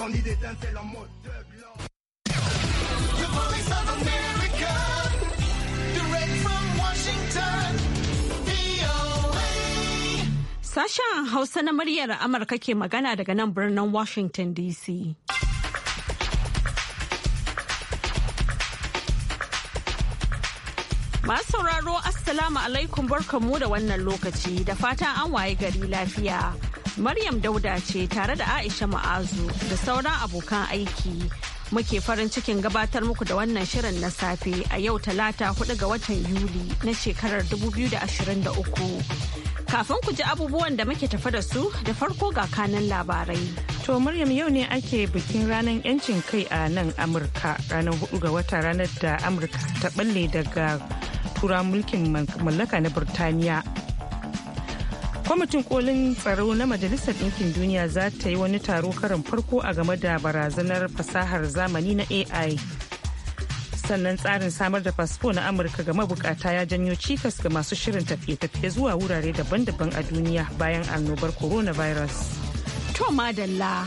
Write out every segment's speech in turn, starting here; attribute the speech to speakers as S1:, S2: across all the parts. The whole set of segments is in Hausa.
S1: Quand
S2: Sashen Hausa na muryar Amurka ke magana daga nan birnin Washington DC. Masu sauraro Assalamu alaikum barkamu, da wannan lokaci da fatan an waye gari lafiya. Maryam Dauda ce tare da Aisha Ma'azu da sauran abokan aiki. Muke farin cikin gabatar muku da wannan shirin na safe a yau talata 4 ga watan Yuli na shekarar 2023. Kafin ku ji abubuwan da muke tafa da su da farko ga kanan labarai.
S3: To Maryam yau ne ake bikin ranar 'yancin kai a nan Amurka ranar 4 ga wata ranar da Amurka ta balle daga tura mulkin mallaka na Burtaniya. kwamitin kolin tsaro na majalisar ɗinkin duniya za ta yi wani taro karin farko a game da barazanar fasahar zamani na ai sannan tsarin samar da fasfo na amurka ga mabukata ya janyo cikas ga masu shirin tafiye-tafiye zuwa wurare daban-daban a duniya bayan annobar coronavirus
S2: to madalla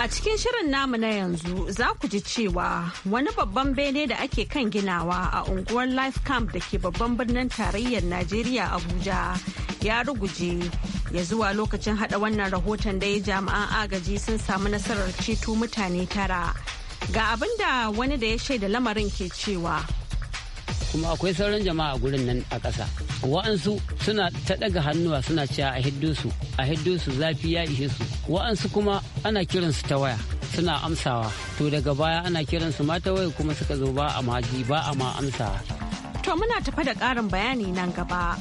S2: a cikin shirin namu na yanzu za ku ji cewa wani babban bene da ake kan ginawa a unguwar life camp da ke babban birnin tarayyar najeriya abuja ya ruguje ya zuwa lokacin hada wannan rahoton da ya jami'an agaji sun samu nasarar ceto mutane tara ga abin da wani da ya shaida lamarin ke cewa
S4: kuma akwai sauran jama'a gurin nan a ƙasa wa'ansu suna ta ɗaga hannuwa suna cewa a hiddo su a hiddo zafi ya ishe su wa'ansu kuma ana kiransu ta waya suna amsawa to daga baya ana kiransu ma ta waya kuma suka zo ba a maji ba a ma amsawa
S2: to muna tafa da ƙarin bayani nan gaba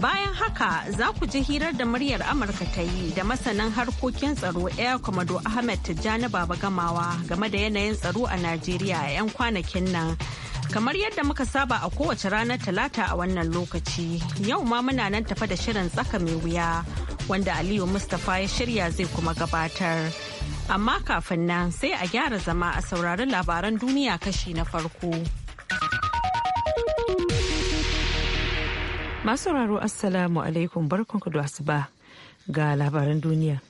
S2: Bayan haka za ku ji hirar da muryar Amurka ta yi da masanin harkokin tsaro Air Commodore Ahmed Tijjani Baba Gamawa game da yanayin tsaro a Najeriya a 'yan kwanakin nan. Kamar yadda muka saba a kowace ranar talata a wannan lokaci, yau ma muna nan tafa da shirin tsaka mai wuya wanda Aliyu Mustapha ya shirya zai kuma gabatar. Amma kafin nan sai a gyara zama a saurari labaran duniya kashi na farko.
S3: Masu raro Assalamu alaikum barkanku da asuba ga labaran duniya.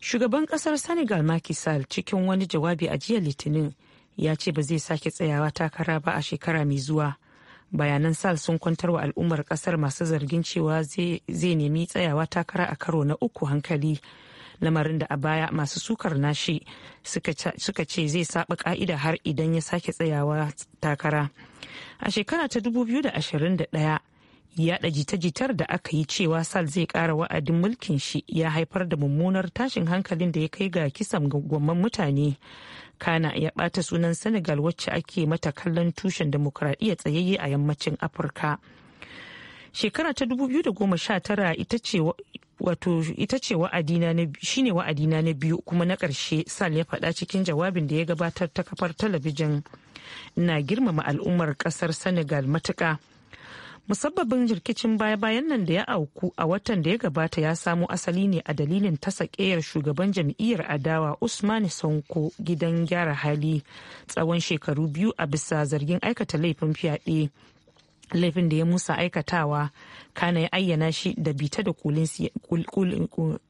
S3: Shugaban kasar Senegal Macky cikin wani jawabi a jiya Litinin ya ce ba zai sake tsayawa takara ba a shekara mai zuwa. Bayanan Sall sun kwantar wa al'ummar kasar masu zargin cewa zai nemi tsayawa takara a karo na uku hankali. lamarin da a baya masu sukar nashi suka ce zai saba ka'ida har idan ya sake tsayawa takara. A shekara ta 2021 yada jita-jitar da aka yi cewa sal zai kara wa'adin mulkin shi ya haifar da mummunar tashin hankalin da ya kai ga kisan gwamman mutane kana ya bata sunan senegal wacce ake mata kallon tushen demokradiyya tsayayye a yammacin afirka shekara ta 2019 ita ce wa'adina na biyu kuma na ƙarshe sal ya faɗa cikin jawabin da ya gabatar ta kafar talabijin na girmama al'ummar ƙasar senegal matuƙa musabbabin jirkicin baya-bayan nan da ya auku a watan da ya gabata ya samo asali ne a dalilin tasa kayar shugaban jam'iyyar adawa usman sonko gidan gyara hali tsawon shekaru biyu a bisa zargin aikata laifin fyaɗe laifin da ya musa aikatawa kana ya ayyana shi da bita da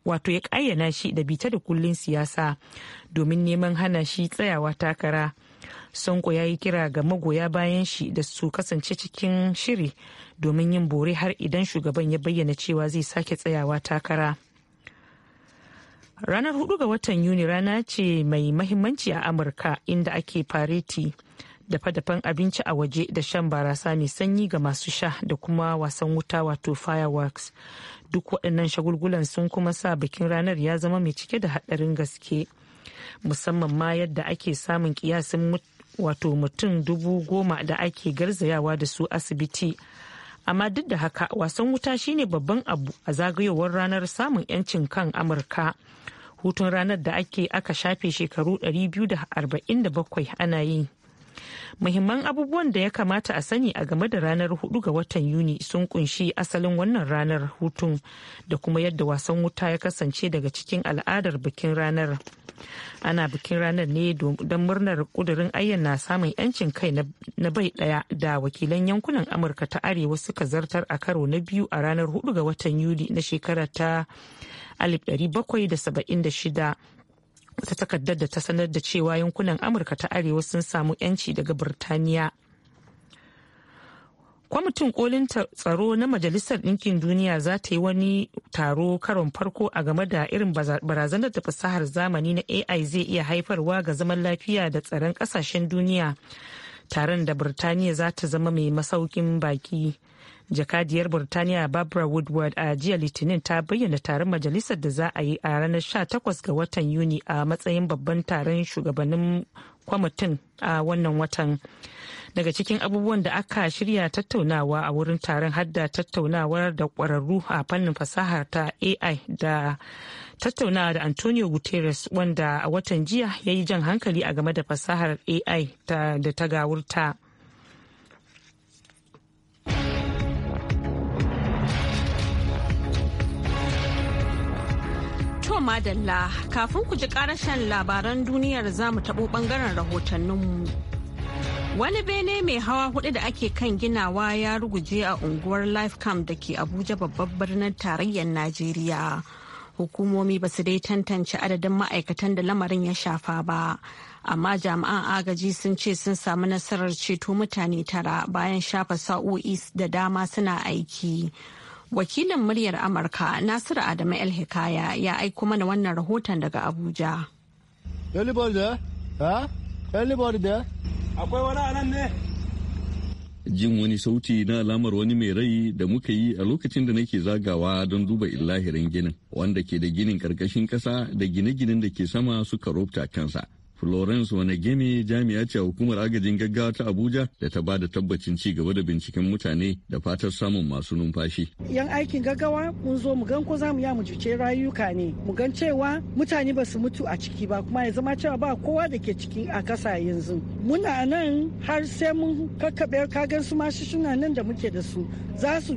S3: wato ya ayyana shi da bita da kullin siyasa domin neman hana shi tsayawa takara Sonko ya yi kira ga magoya bayan shi da su kasance cikin shiri domin yin bore har idan shugaban ya bayyana cewa zai sake tsayawa takara. Ranar 4 ga watan Yuni rana ce mai mahimmanci a Amurka inda ake fareti dafa-dafan abinci a waje da shan barasa mai sanyi ga masu sha da kuma wasan wuta wato fireworks. Duk waɗannan shagulgulan sun kuma sa bikin ranar ya zama mai cike da haɗarin gaske. musamman ma yadda ake samun kiyasin wato mutum dubu goma da ake garzayawa da su asibiti amma duk da haka wasan wuta shine babban abu a zagayowar ranar samun 'yancin kan amurka hutun ranar da ake aka shafe shekaru 247 ana yi muhimman abubuwan da ya kamata a sani a game da ranar 4 ga watan yuni sun kunshi asalin wannan ranar hutun da kuma yadda wasan wuta ya kasance daga cikin al'adar bikin ranar ana bikin ranar ne don murnar kudurin ayyana samun yancin kai na bai daya da wakilan yankunan amurka ta arewa suka zartar a karo na biyu a ranar 4 ga watan yuli na shekara ta 1776 ta takardar da ta sanar da cewa yankunan amurka ta arewa sun samu 'yanci daga birtaniya kwamitin kolin tsaro na majalisar ɗinkin duniya za ta yi wani taro karon farko a game da irin barazanar da fasahar zamani na ai zai iya haifarwa ga zaman lafiya da tsaron ƙasashen duniya taron da birtaniya za ta zama mai masaukin baki jakadiyar burtaniya barbara woodward a jiya litinin ta bayyana taron majalisar da za a yi a ranar 18 ga watan yuni a matsayin babban taron shugabannin kwamitin a wannan watan daga cikin abubuwan da aka shirya tattaunawa a wurin taron hadda tattaunawar da kwararru a fannin fasahar ta ai da tattaunawa da antonio guterres wanda a watan jiya ya yi jan hankali a game da fasahar ai da ta gawurta
S2: madalla kafin ku ji karashen labaran duniyar zamu taɓo ɓangaren rahotanninmu. Wani bene mai hawa hudu da ake kan ginawa ya ruguje a unguwar Lifecam da ke Abuja babbar birnin tarayyar Najeriya. Hukumomi ba su dai tantance adadin ma'aikatan da lamarin ya shafa ba. Amma jami'an agaji sun ce sun samu nasarar ceto mutane tara bayan shafa sa'o'i da dama suna aiki. Wakilin muryar Amurka Nasiru Adamu El Hikaya ya aiko mana wannan rahoton daga Abuja.
S5: Akwai wani anan ne?
S6: Jin wani sauti na alamar wani mai rai da muka yi a lokacin da nake zagawa don duba illahirin ginin wanda ke da ginin karkashin kasa da gine-ginen da ke sama suka rubuta kansa. Florence Wanagemi jami'a ce a hukumar agajin gaggawa ta Abuja da ta bada tabbacin ci gaba da binciken mutane da fatar samun masu numfashi.
S7: Yan aikin gaggawa mun zo mu gan ko za mu ya mu jice rayuka ne mu gan cewa mutane ba su mutu a ciki ba kuma ya zama cewa ba kowa da ke ciki a kasa yanzu. Muna nan har sai mun kakkaɓe kagan su ma shishuna nan da muke da su za su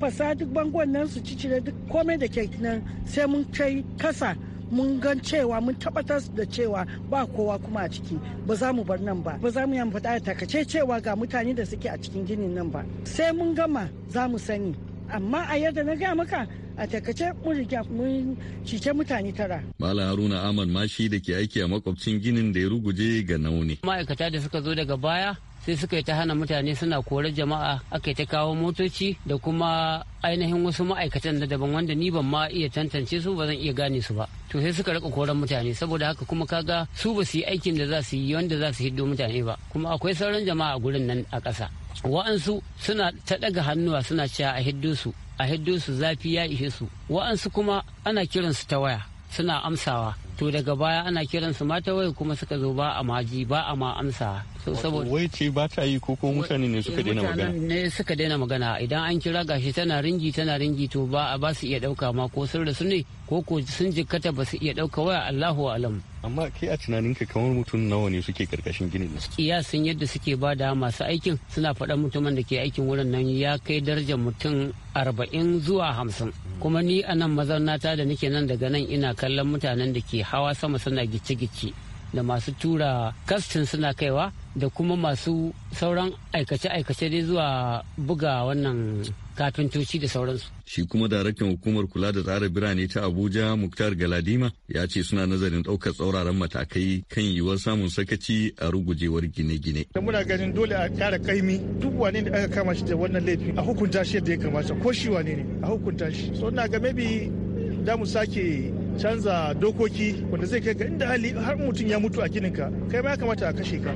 S7: fasa duk bangon nan su cicire duk komai da ke nan sai mun kai kasa mun gan cewa mun tabbatar da cewa ba kowa kuma a ciki ba za mu bar nan ba ba za mu yamfa da takace cewa ga mutane da suke a cikin ginin nan ba sai mun gama za mu sani amma a yadda na gaya maka a takace mun riga mun cice mutane tara.
S6: Malam Haruna Ahmad Mashi da ke aiki a makwabcin ginin da ya ruguje ga nauni.
S4: Ma'aikata da suka zo daga baya sai suka yi ta hana mutane suna korar jama'a aka ta kawo motoci da kuma ainihin wasu ma'aikatan na daban wanda ni ban ma iya tantance su ba zan iya gane su ba to sai suka rika koran mutane saboda haka kuma kaga su ba su yi aikin da za su yi wanda za su hiddo mutane ba kuma akwai sauran jama'a gurin nan a ƙasa wa'ansu suna ta ɗaga hannuwa suna cewa a hiddo su a hiddo su zafi ya ishe su wa'ansu kuma ana kiransu ta waya suna amsawa to daga baya ana kiran su mata wai kuma suka zo ba a maji ba a ma amsa so saboda
S6: wai ce ba ta yi ko ko mutane ne suka daina magana
S4: ne suka daina magana idan an kira gashi tana ringi tana ringi to ba a ba su iya dauka ma ko sun rasu ne ko ko sun jikkata ba su iya dauka waya Allahu alam amma kai a
S6: tunanin kamar mutum nawa ne suke karkashin ginin
S4: kiyasin yadda suke ba da masu aikin suna faɗa mutumin da ke aikin wurin nan ya kai darajar mutum arba'in zuwa hamsin kuma ni a nan mazaunata da nake nan daga nan ina kallon mutanen da ke hawa sama suna gice-gice da masu tura kastin suna kaiwa da kuma masu sauran aikace-aikace dai zuwa buga wannan kafintoci da sauransu.
S6: Shi kuma daraktan hukumar kula da tsara birane ta Abuja Muktar Galadima ya ce suna nazarin ɗaukar tsauraran matakai kan yiwuwar samun sakaci a rugujewar gine-gine. Da
S8: muna ganin dole a ƙara kaimi duk wane da aka kama shi da wannan laifi a hukunta shi yadda ya kamata ko shi wane ne a hukunta shi. So na ga maybe da mu sake canza dokoki wanda zai kai ga inda hali har mutum ya mutu a gininka kai ma ya kamata a kashe ka.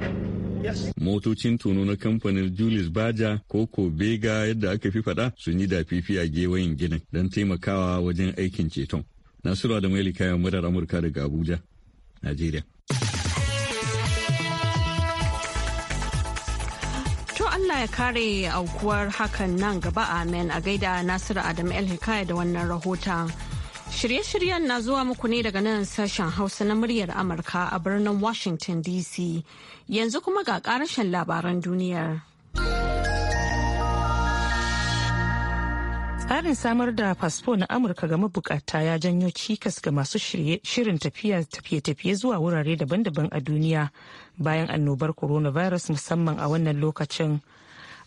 S6: Motocin tono na kamfanin Julius Baja ko Bega yadda aka fi faɗa sun yi dafifi a gewayin ginin don taimakawa wajen aikin ceton. Nasiru da Maili kayan murar Amurka daga Abuja, Najeriya.
S2: To Allah ya kare aukuwar hakan nan gaba amen a gaida Nasiru Adam El da wannan rahoton. Shirye-shiryen na zuwa muku ne daga nan sashen Hausa na muryar Amurka a birnin Washington DC. Yanzu kuma ga karashen labaran duniyar.
S3: Tsarin samar da fasfo na Amurka ga mabukata ya janyo cikas ga masu shirin tafiye-tafiye zuwa wurare daban-daban a duniya bayan annobar coronavirus musamman a wannan lokacin.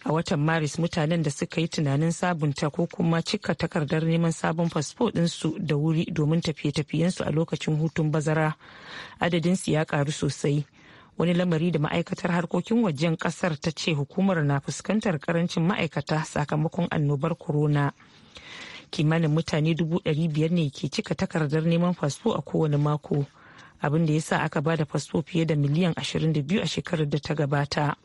S3: a watan maris mutanen da suka yi tunanin sabunta ko kuma cika takardar neman sabon fasfo ɗinsu da wuri domin tafiye-tafiyensu a lokacin hutun bazara adadinsu ya karu sosai wani lamari da ma'aikatar harkokin wajen kasar ta ce hukumar na fuskantar karancin ma'aikata sakamakon annobar corona kimanin mutane dubu ɗari biyar ne ke cika takardar neman fasfo a kowane mako abin da ya sa aka ba da fasfo fiye da miliyan ashirin da biyu a shekarar da ta gabata.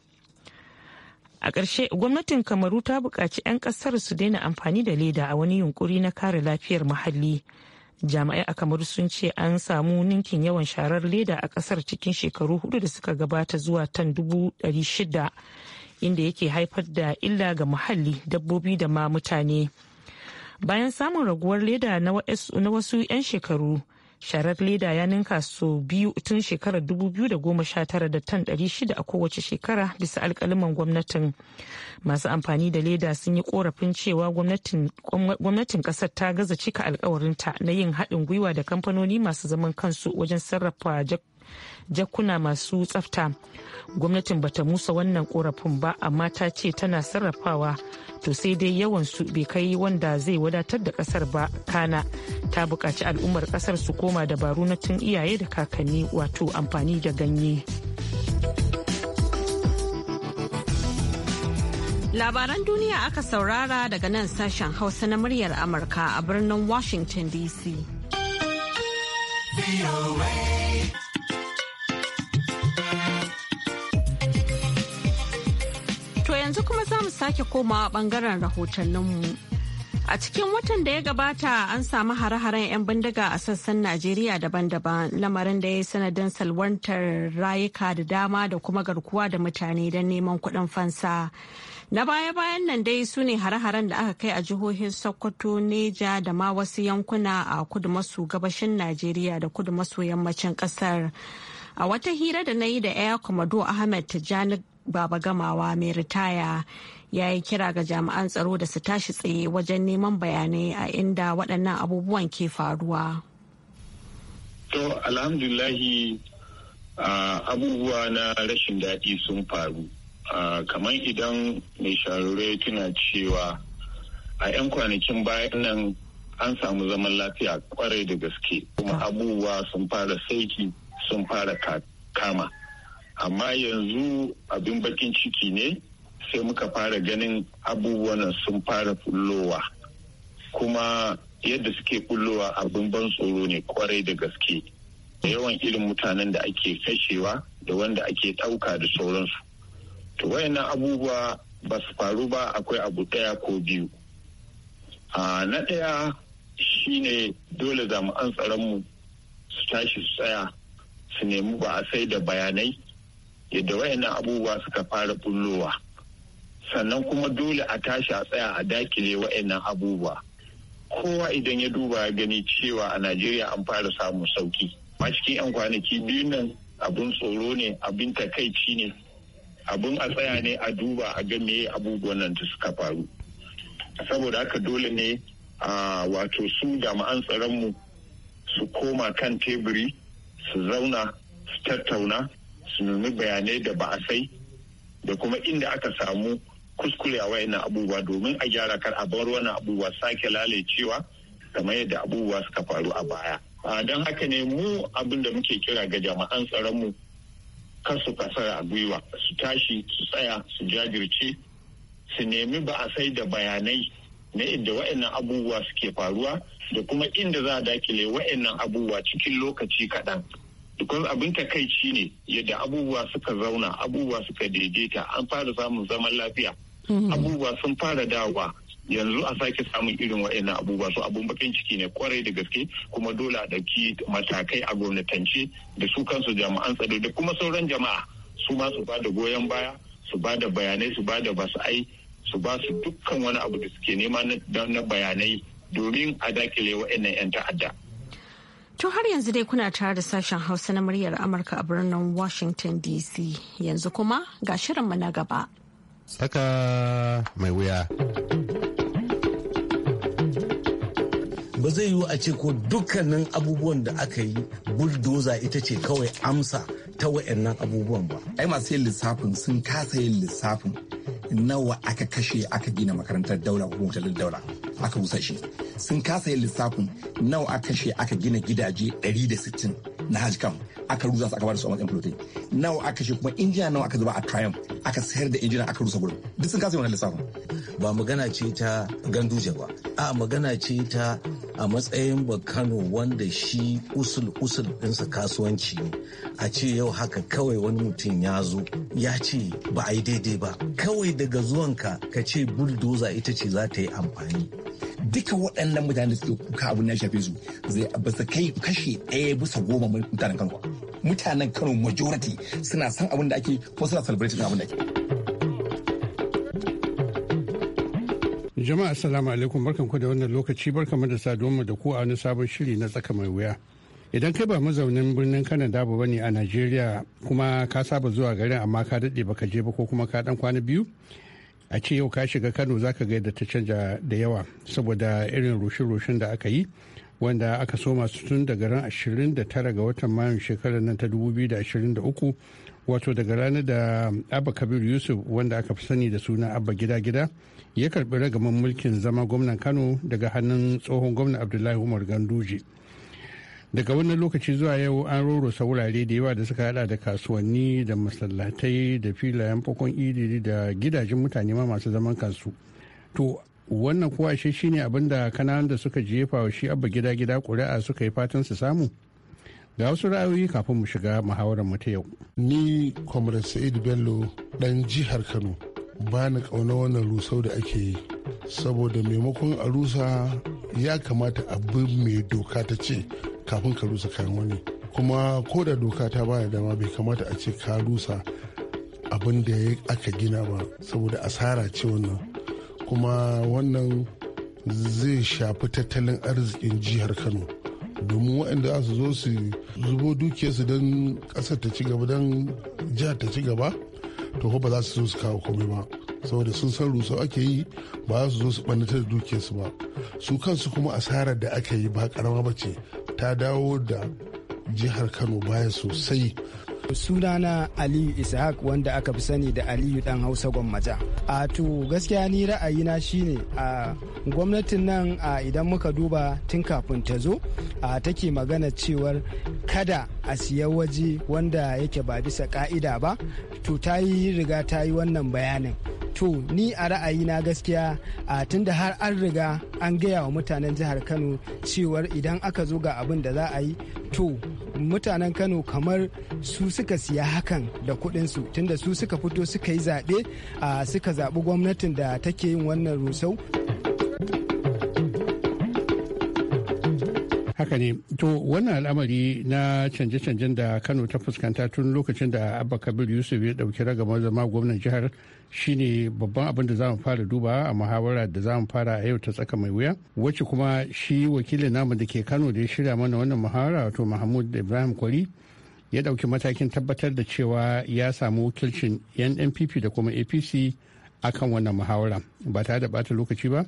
S3: a ƙarshe gwamnatin kamaru ta buƙaci 'yan ƙasar su daina amfani da leda a wani yunkuri na kare lafiyar muhalli jami'ai a kamaru sun ce an samu ninkin yawan sharar leda a ƙasar cikin shekaru hudu da suka gabata zuwa tan dubu shida inda yake haifar da illa ga muhalli dabbobi da ma mutane bayan samun raguwar leda na wasu 'yan shekaru sharar leda ya ninka sau biyu tun shekarar 2019 da tan 600 a kowace shekara bisa alkaliman gwamnatin masu amfani da leda sun yi korafin cewa gwamnatin kasar ta gaza cika alkawarinta na yin haɗin gwiwa da kamfanoni masu zaman kansu wajen sarrafa jakuna masu tsafta gwamnatin bata musa wannan korafin ba amma ta ce tana sarrafawa to sai dai yawan su bai kai wanda zai wadatar da kasar ba kana ta buƙaci al'ummar kasar su koma dabaru na tun iyaye da kakanni wato amfani da ganye
S2: labaran duniya aka saurara daga nan sashen hausa na muryar amurka a birnin washington dc yanzu kuma za mu sake komawa bangaren rahotanninmu. A cikin watan da ya gabata an samu hare-haren 'yan bindiga a sassan Najeriya daban-daban lamarin da ya yi sanadin salwantar rayuka da dama da kuma garkuwa da mutane don neman kuɗin fansa. Na baya-bayan nan dai su ne hare-haren da aka kai a jihohin Sokoto, Neja da ma wasu yankuna a kudu maso gabashin Najeriya da kudu maso yammacin ƙasar. A wata hira da na yi da Air Commodore Ahmed Tijjani baba gamawa mai ritaya ya yi kira ga jami'an tsaro da su tashi tsaye wajen neman bayanai a inda waɗannan abubuwan ke faruwa.
S8: To alhamdulahi uh, abubuwa na rashin daɗi sun faru. Uh, kamar idan mai sharure tuna cewa a 'yan kwanakin bayan nan an samu zaman lafiya kwarai da gaske kuma abubuwa sun fara saiki sun fara kama. amma yanzu abin bakin ciki ne sai muka fara ganin abubuwan sun fara fullowa kuma yadda suke fullowa abin ban tsoro ne kwarai da gaske da yawan irin mutanen da ake kashewa da wanda ake ɗauka da sauransu to wayannan abubuwa ba su faru ba akwai abu ɗaya ko biyu na ɗaya shine dole tsaron mu su tashi su tsaya su nemi ba a sai da bayanai yadda wayannan abubuwa suka fara bullowa sannan kuma dole a tashi a tsaya a dakile wayannan abubuwa kowa idan ya duba ya gani cewa a najeriya an fara samun sauki ma cikin 'yan kwanaki biyu nan abin tsoro ne abin takaici ne abin a tsaya ne a duba a ga meye abubuwan nan da suka faru saboda haka dole ne a wato su jami'an tsaronmu su koma kan teburi su zauna su tattauna su nemi bayanai da ba a sai da kuma inda aka samu kuskure a wayannan abubuwa domin a gyara kar a bar wani abubuwa sake lalacewa kamar yadda abubuwa suka faru a baya. Don haka ne mu abin da muke kira ga jama'an tsaronmu kar su kasar a gwiwa su tashi su tsaya su jajirce su nemi ba a sai da bayanai na inda wayannan abubuwa suke faruwa da kuma inda za a dakile wayannan abubuwa cikin lokaci kaɗan. Because abin takaici ne yadda abubuwa suka zauna abubuwa suka daidaita an fara samun zaman lafiya mhm. abubuwa sun fara dawa yanzu a sake samun irin waɗannan abubuwa su abun bakin ciki ne kwarai da gaske kuma dole a ɗauki matakai a gwamnatance da su kansu jama'an tsaro da kuma sauran jama'a su ma su ba da goyon baya su ba da bayanai su ba da ai su ba su dukkan wani abu da suke nema na bayanai domin a dakile waɗannan 'yan ta'adda.
S2: To har yanzu dai kuna tare da sashen Hausa na muryar Amurka a birnin Washington DC yanzu kuma ga shirinmu na gaba.
S5: Saka mai wuya. Ba
S9: zai yiwu a ce ko dukkanin abubuwan da aka yi buldoza ita ce kawai amsa
S1: ta wa'annan abubuwan ba. Ai masu yin lissafin sun kasa yin lissafin nawa aka kashe aka gina makarantar daula ko daula. aka rusa shi sun kasa yin lissafin nawa aka kashe aka gina gidaje 160 na hajj camp aka rusa su aka bada su a matsayin protein nawa aka kashe kuma injina nawa aka zuba a triumph aka sayar da injina aka rusa gurin duk sun kasa yin lissafin ba magana ce ta ganduje ba a magana ce ta a
S9: matsayin bakano wanda shi usul usul ɗinsa kasuwanci ne a ce yau haka kawai wani mutum ya zo ya ce ba a yi daidai ba kawai daga zuwanka
S1: ka ce buldoza ita ce za ta yi amfani duka waɗannan mutane da suke kuka abin ya shafe su zai ba kai kashe ɗaya bisa goma mutanen kano mutanen kano majority suna san abin da ake ko suna celebrating abin da ake
S5: jama'a assalamu alaikum ku da wannan lokaci barkan mu da saduwa da ku a wani sabon shiri na tsaka mai wuya idan kai ba mazaunin birnin kanada ba ne a najeriya kuma ka saba zuwa garin amma ka daɗe baka je ba ko kuma ka ɗan kwana biyu a ce yau ka shiga kano za ka gaida ta canja da yawa saboda irin rushe-rushen da aka yi wanda aka so masu tun daga ran 29 ga watan mayun shekarar nan ta 2023 wato daga ranar da abba kabir yusuf wanda aka fi sani da suna abba gida-gida ya karbi ragaman mulkin zama gwamnan kano daga hannun tsohon gwamnan abdullahi umar ganduje daga wannan lokaci zuwa yau an rorosa wurare da yawa da suka hada da kasuwanni da masallatai da filayen fakon idiri da gidajen mutane ma masu zaman kansu to wannan kuwa shi shine abin da kananan da suka jefa wa shi abba gida gida ƙuri'a suka yi fatan su samu ga wasu ra'ayoyi kafin mu shiga muhawarar mu ta yau ni comrade sa'id bello dan jihar kano ba ni ƙauna
S8: wannan rusau da ake yi saboda maimakon a rusa ya kamata abu mai doka ta ce kafin ka rusa kayan wani kuma ko da doka ta baya dama bai kamata a ce ka rusa abin da aka gina ba saboda asara ce wannan kuma wannan zai shafi tattalin arzikin jihar kano domin waɗanda za su zo su zubo dukiyarsu don ƙasar ta ci gaba don jihar ta ci gaba to ba za su zo su kawo komai ba saboda sun san rusau ake yi ba za su zo su ɓannatar da dukiyarsu ba su kansu kuma asarar da aka
S7: yi ba karama ba ce ta dawo da jihar kano baya sosai sunana aliyu ishaq wanda aka fi sani da aliyu dan hausa gwammaja a to gaskiya ni ra'ayi na shine a gwamnatin nan idan muka duba tun kafin ta zo a take magana cewar kada a siya waje wanda yake ba bisa ka'ida ba to ta yi riga ta yi wannan bayanin to ni a ra'ayi na gaskiya a tunda har an riga an gaya wa mutanen jihar kano cewar idan aka zo ga abin da za a yi to mutanen kano kamar su suka siya hakan da kuɗinsu tunda su suka fito suka yi zaɓe suka zaɓi gwamnatin da take yin wannan rusau
S5: haka ne to wannan al'amari na canje-canjen da kano ta fuskanta tun lokacin da abba kabir yusuf ya dauki ragamar zama gwamnan jihar shine babban abin da mu fara duba a muhawara da mu fara a yau ta tsaka mai wuya wacce kuma shi wakilin namu da ke kano da ya shirya mana wannan muhawara wato mahmud ibrahim kwari ya dauki matakin tabbatar da cewa ya samu wakilcin yan npp da kuma apc akan wannan muhawara ba tare da bata lokaci ba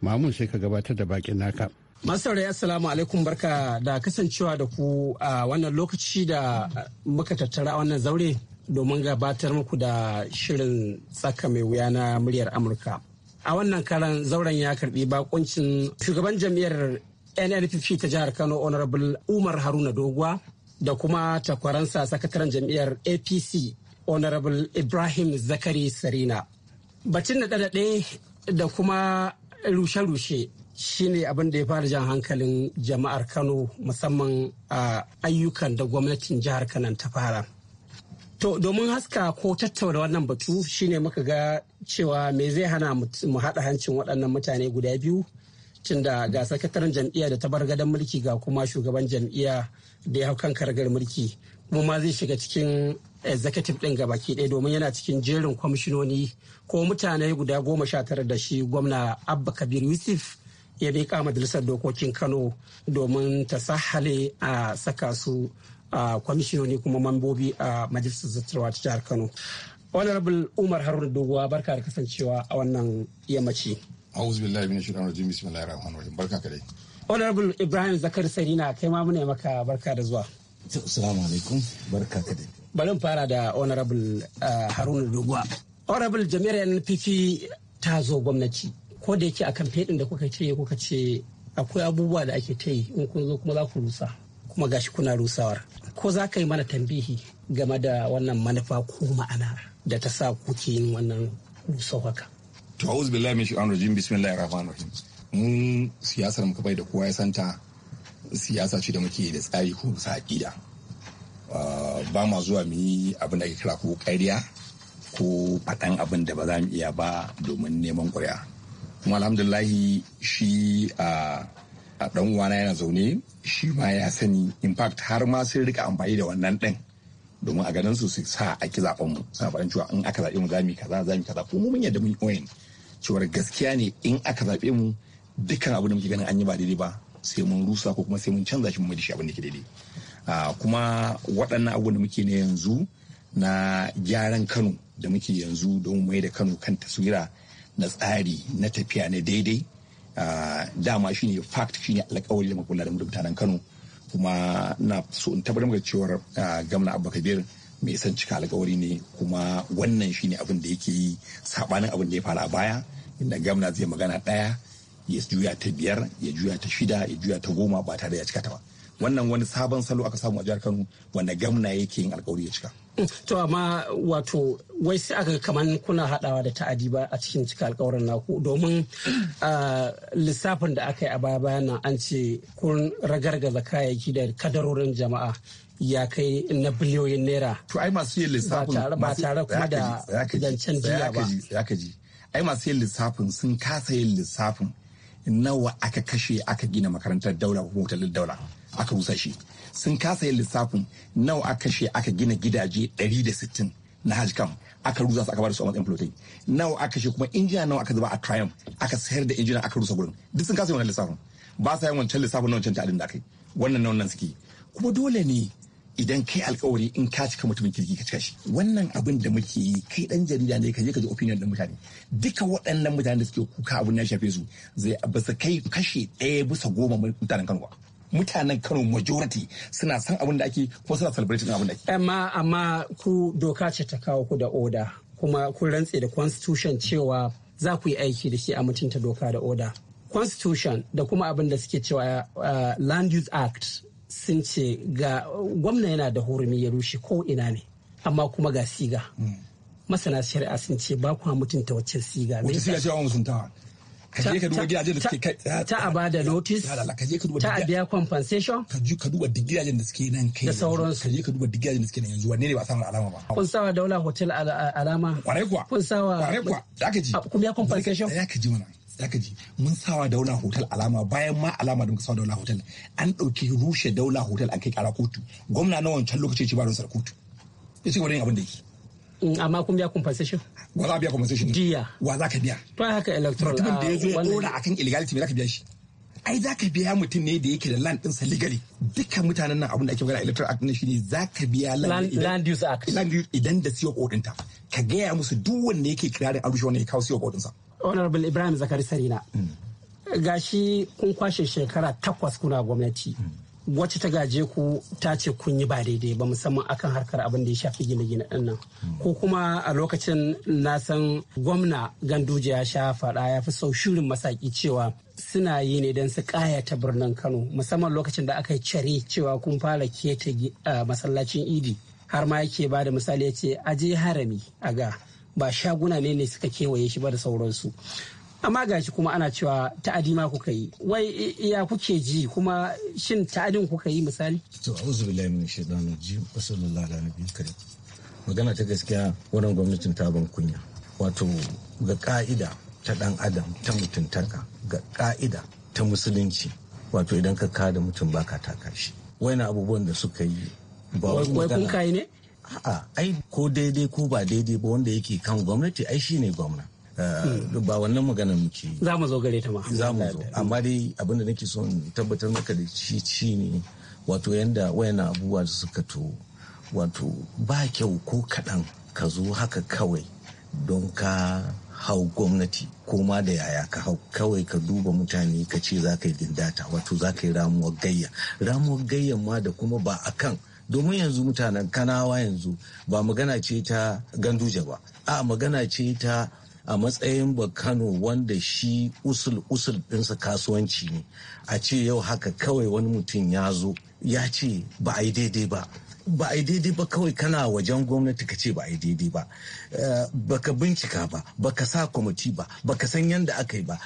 S5: mahmud sai ka gabatar da bakin naka
S7: Masarai Assalamu alaikum barka da kasancewa da ku a wannan lokaci da muka tattara wannan zaure domin gabatar muku da shirin tsaka mai wuya na muryar Amurka. A wannan karan zauren ya karbi bakuncin shugaban jam'iyyar NNPP ta jihar Kano Honorable Umar Haruna Dogwa da kuma takwaransa sakataren jam'iyyar APC Honorable Ibrahim Zakari Sarina. Batun da da kuma rushe-rushe shine abin da ya fara jan hankalin jama'ar kano musamman a ayyukan da gwamnatin jihar kano ta fara to domin haska ko tattauna wannan batu shine muka ga cewa me zai hana mu haɗa hancin waɗannan mutane guda biyu Tunda ga sakataren jam'iyya da ta bar gadon mulki ga kuma shugaban jam'iyya da ya hau kan kargar mulki kuma ma zai shiga cikin executive ɗin ga baki ɗaya domin yana cikin jerin kwamishinoni ko mutane guda goma sha tara da shi gwamna abba kabir yusuf ya leƙa majalisar dokokin kano domin ta sahale a saka su a kwamishinoni kuma mambobi a majalisar zattarwa ta jihar kano honorable umar haruna doguwa barka da kasancewa a wannan yammaci a'udhu billahi minash shaitanir rajim bismillahir rahmanir rahim barka ka honorable ibrahim zakar sarina kai ma muna maka barka da zuwa assalamu alaikum barka ka dai bari fara da honorable eh, haruna doguwa honorable jami'ar npp ta zo gwamnati ko da yake akan fedin da kuka ce kuka ce akwai abubuwa da ake ta yi in kun zo kuma za ku rusa kuma gashi kuna rusawar ko za ka yi mana tambihi game da wannan manufa ko ma'ana da ta sa kuke yin wannan rusa haka
S1: to a'udhu billahi min shaitanir rajim bismillahir rahmanir rahim mun siyasar muka bai da kowa ya santa siyasa ce da muke da tsari ko bisa aƙida ah, ba ma zuwa mu yi abin da ake kira ko ƙarya ko faɗan abin da ba za mu iya ba domin neman ƙuri'a kuma alhamdulahi shi a dan uwana yana zaune shi ma ya sani in fact har ma sun rika amfani da wannan din domin a ganin su su sa a ki zaben mu sa faɗin cewa in aka zaɓe mu za mu kaza za mu kaza ko mun yadda mun oyin cewar gaskiya ne in aka zaɓe mu dukkan abu da muke ganin an yi ba daidai ba sai mun rusa ko kuma sai mun canza shi mu da shi abin da ke daidai kuma waɗannan abubuwan da muke ne yanzu na gyaran Kano da muke yanzu don mai da Kano kan taswira na tsari na tafiya na daidai ah, dama shine fact ne alkawari da makula da mutanen kano kuma na so in tabbatar da cewar ah, gamna abba kabir mai san cika alkawari ne kuma wannan shine abin da yake yi sabanin abin da ya fara a baya inda gamna zai magana daya ya juya ta biyar ya juya ta shida ya juya ta goma ba tare da ya cika ta ba wannan wani sabon salo aka samu a jihar kano wanda gamna yake yin alkawari ya cika
S7: to amma wato wai sai aka kaman kuna hadawa da ta'adi ba a cikin cika alkawarin naku domin ah, lissafin da aka yi a baya bayan nan an ce kun ragargaza kayayyaki da kadarorin jama'a ya kai na biliyoyin naira
S1: to ai masu yin lissafin ba tare kuma da zancen jiya ba ai masu yin lissafin sun kasa yin lissafin nawa aka kashe aka gina makarantar daula ko hotelin daula aka rusa shi sun kasa yin lissafin nawa aka kashe aka gina gidaje 160 na hajjkam aka rusa su aka bada su a matsayin flotai nawa aka kashe kuma injina nawa aka zuba a triumph aka sayar da injina aka rusa gurin duk sun kasa yin wannan lissafin ba sa yin wancan lissafin na wancan ta'adin da kai wannan na wannan suke kuma dole ne idan kai alkawari in ka cika mutumin kirki ka cika shi wannan abin da muke yi kai dan jarida ne ka je ka ji opinion din mutane duka waɗannan mutane da suke kuka abin ya shafe su zai ba su kai kashe ɗaya bisa goma mutanen Kano mutanen Kano majority suna san abin da ake ko suna celebrating abin da ake
S7: amma amma ku doka ce ta kawo ku da oda kuma ku rantse da constitution cewa za ku yi aiki da shi a mutunta doka da oda constitution da kuma abin da suke cewa eh, land use act sun ce ga gwamna yana da horumi ya rushe ko ina ne amma kuma ga siga hmm. masana shari'a sun ce ba kuma mutunta waccan siga wata siga ce ba
S1: mutuntawa ka je ka duba da suke kai ta
S7: a notice ta a
S1: biya compensation ka je ka duba duk gidajen da suke nan kai da sauransu ka ka duba duk gidajen da suke nan yanzu wanne ne ba samun alama ba
S7: kun sawa daula hotel alama kwarai kuwa kun sawa kwarai kuwa
S1: da ka ji ku biya compensation ya ka ji mana. zaka ji mun sawa daula hotel alama bayan ma alama da muka sawa daula hotel an dauki rushe daula hotel an kai kara kotu gwamna na wancan lokaci ci barin kotu ya ce wani abin da yake mm, amma kun biya compensation wa za a biya compensation diya wa za ka biya to haka electoral mutumin da ya dora ah, akan illegality me za ka biya shi ai za ka biya mutum ne da yake da land ɗinsa legally Dukkan mutanen nan abin da ake magana electoral act ne shine za ka biya land use act land use idan da siyo ta ka gaya musu duk wanda yake kirarin an rushe wanda ya kawo siyo sa
S7: honorable ibrahim zakari sarina mm. gashi kun kwashe shekara takwas kuna gwamnati mm. wacce ta gaje ku ta ce kun yi ba daidai ba musamman akan harkar abin da ya shafi gine-gine din nan mm. ko kuma a lokacin na san gwamna ganduje ya sha faɗa ya fi sau shirin masaki cewa suna yi ne don su ƙayata birnin kano musamman lokacin da aka yi cire cewa kun fara keta masallacin idi har ma yake ba da misali ya ce aje harami a ga ba shaguna ne ne suka kewaye shi ba da sauransu amma gashi kuma ana cewa ta'adi ma kuka yi wai ya kuke ji kuma shin ta'adin kuka yi misali
S9: to auzu billahi min shaitanir rajim wa sallallahu ala karim magana ta gaskiya wannan gwamnatin ta ban kunya wato ga ka'ida ta dan adam ta mutuntaka ga ka'ida ta musulunci wato idan ka kada mutum baka taka shi na abubuwan da suka yi ba wai kun kai ne A'a, ai ko daidai ko ba daidai ba wanda yake kan gwamnati ai shine gwamna. Eh, ba wannan magana muke za mu zo gare ta ma za mu zo amma dai abin da nake so in tabbatar maka da shi shi ne wato yanda wayannan abubuwa suka to wato ba kyau ko kaɗan ka zo haka kawai don ka hau gwamnati ko ma da yaya ka hau kawai ka duba mutane ka ce za ka yi dindata wato za ka yi ramuwar gayya ramuwar gayyan ma da kuma ba a kan domin yanzu mutanen kanawa yanzu ba magana ce ta ganduje ba a magana ce ta a matsayin Kano wanda shi usul usul ɗinsa kasuwanci ne a ce yau haka kawai wani mutum ya zo ya ce ba a yi daidai ba ba a yi daidai ba kawai kana wajen gwamnati ka ce ba a yi daidai ba eh, baka bincika ba baka sa kwamiti ba baka san yadda aka yi ba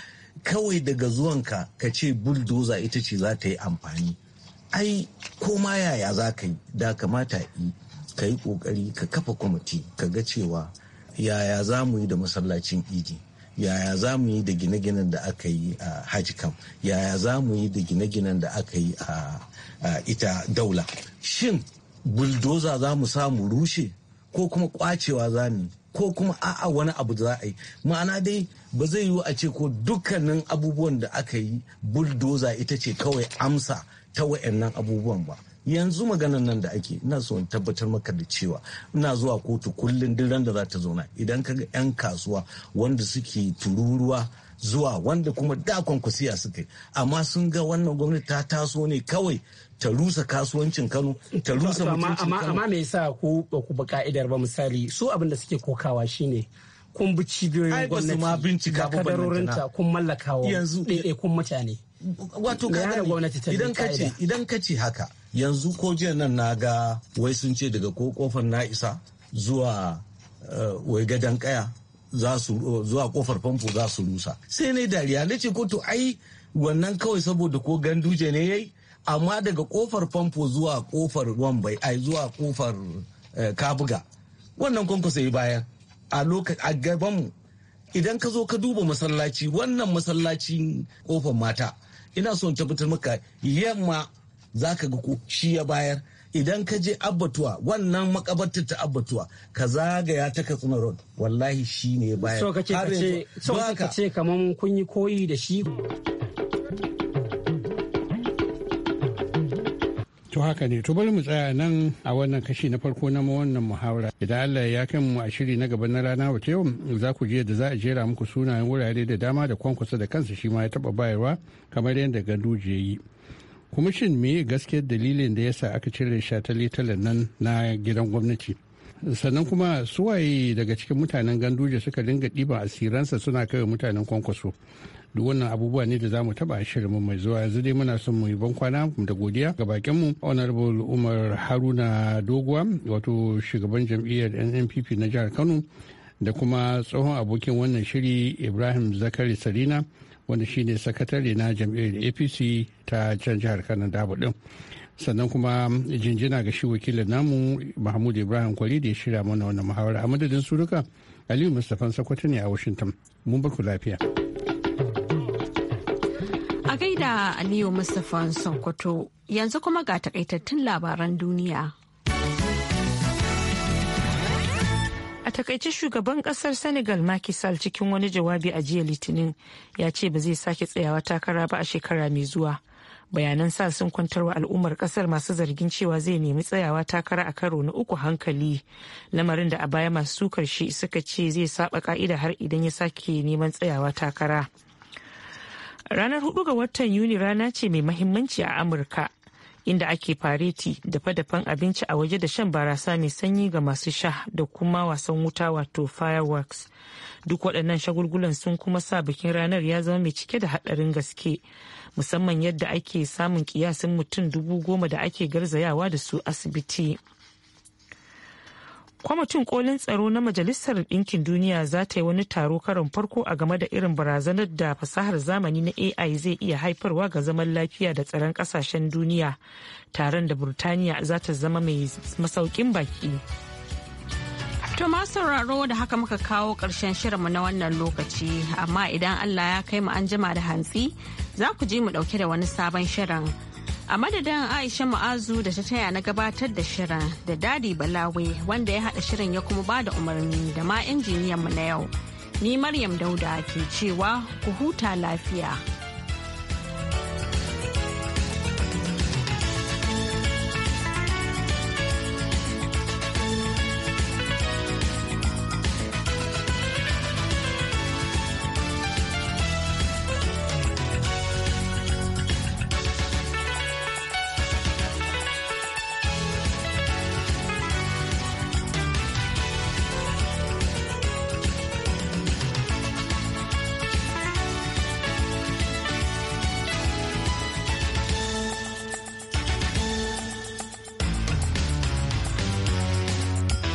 S9: kawai daga zuwanka ka ce buldoza ita ce za ta yi amfani ai koma yaya za ka yi da kamata yi ka yi kokari ka kafa kwamiti ka ga cewa yaya za mu yi da masallacin idi yaya za mu yi da gine-ginen da aka yi a hajji kam yaya za mu yi da gine-ginen da aka yi a ita daula shin buldoza za mu samu rushe ko kuma kwacewa za mu ko kuma a'a wani abu za a yi ma'ana dai ba zai yiwu a ce ko dukkanin abubuwan da aka yi buldoza ita ce kawai amsa ta wa'annan abubuwan ba yanzu maganan nan da ake ina so in tabbatar maka da cewa ina zuwa kotu kullum duk da za ta zauna idan kaga 'yan kasuwa wanda suke tururuwa zuwa wanda kuma da kusiya suka yi amma sun ga wannan gwamnati ta taso ne kawai ta rusa kasuwancin kano ta rusa mutuncin kano amma
S7: me yasa ku ba ku ka'idar ba misali su abin da suke kokawa shine kun bi cibiyoyin gwamnati ma bincika kun mallakawa yanzu kun mutane
S9: wato ka idan idan ka ce haka yanzu ko jiya nan na ga wai sun ce daga ko kofar na isa zuwa eh, wai gadan kaya za su zuwa kofar famfo za su rusa sai ne dariya na ce ko to ai wannan kawai saboda ko ganduje ne yayi amma daga kofar famfo zuwa kofar ruwan ai zuwa kofar eh, kabuga wannan kwankwasa yi bayan a lokacin a gabanmu idan ka zo ka duba masallaci wannan masallacin kofar mata ina son tabbatar maka yamma za ka ga ko shi ya bayar idan ka je abbatuwa wannan makabartar ta abbatuwa ka zagaya ta katsina road wallahi shi ne ya bayar so kace kace so
S7: ce kaman kun yi koyi da shi
S5: To haka ne, to bari mu tsaya nan a wannan kashi na farko na wannan muhawara. Idan Allah ya kai mu a shiri na gaba na rana wata yau za ku je da za a jera muku sunayen wurare da dama da kwankwasa da kansa shi ma ya taba bayarwa kamar yadda Ganduje ya yi. Kuma shin me gaskiyar dalilin da yasa aka cire shataletalen nan na gidan gwamnati? sannan kuma suwaye daga cikin mutanen ganduje suka dinga ɗiban asiransa suna kai mutanen kwankwaso duk wannan abubuwa ne da za mu taba mu mai zuwa yanzu dai muna son mu yi ban kwana da godiya ga bakinmu honorable umar haruna doguwa wato shugaban jam'iyyar nnpp na jihar kano da kuma tsohon abokin wannan shiri ibrahim zakari sarina wanda shine sakatare na jam'iyyar apc ta can jihar kano dabo din sannan kuma jinjina ga shi wakilin namu mahmud ibrahim kwari da ya shirya mana wannan muhawara a madadin suruka aliyu mustapha sakwato ne a washington mun baku lafiya.
S2: A gaida Aliyu Mustapha sankoto
S3: yanzu kuma ga takaitattun labaran duniya. A takaice shugaban kasar Senegal Macky Sall cikin wani jawabi a jiya Litinin ya ce ba zai sake tsayawa takara ba a shekara mai zuwa. Bayanan sa sun kwantarwa al'ummar kasar masu zargin cewa zai nemi tsayawa takara a karo na uku hankali. Lamarin da a baya masu sukar shi suka ce zai saba ka'ida har idan ya sake neman tsayawa takara. Ranar hudu ga watan Yuni rana ce mai mahimmanci a Amurka inda ake fareti dafa-dafan abinci a waje da shan barasa mai sanyi ga masu sha da kuma wasan wuta wato fireworks duk waɗannan shagulgulan sun kuma sa bikin ranar ya zama mai cike da haɗarin gaske musamman yadda ake samun kiyasin mutum dubu goma da ake garzayawa da su asibiti kwamitin kolin tsaro na majalisar ɗinkin duniya za ta yi wani taro karon farko a game da irin barazanar da fasahar zamani na ai zai iya haifarwa ga zaman lafiya da tsaron ƙasashen duniya taron da burtaniya za ta zama mai masaukin baki To ma sauraro da haka muka kawo ƙarshen shirinmu na wannan lokaci,
S2: amma idan Allah ya kai mu an jima da hantsi, za ku ji mu ɗauke da wani sabon shirin. A madadin Aisha Ma'azu da ta taya na gabatar da shirin da Dadi Balawe wanda ya haɗa shirin ya kuma bada umarni da ma injiniyan mu na yau. Ni Maryam Dauda ke cewa ku huta lafiya.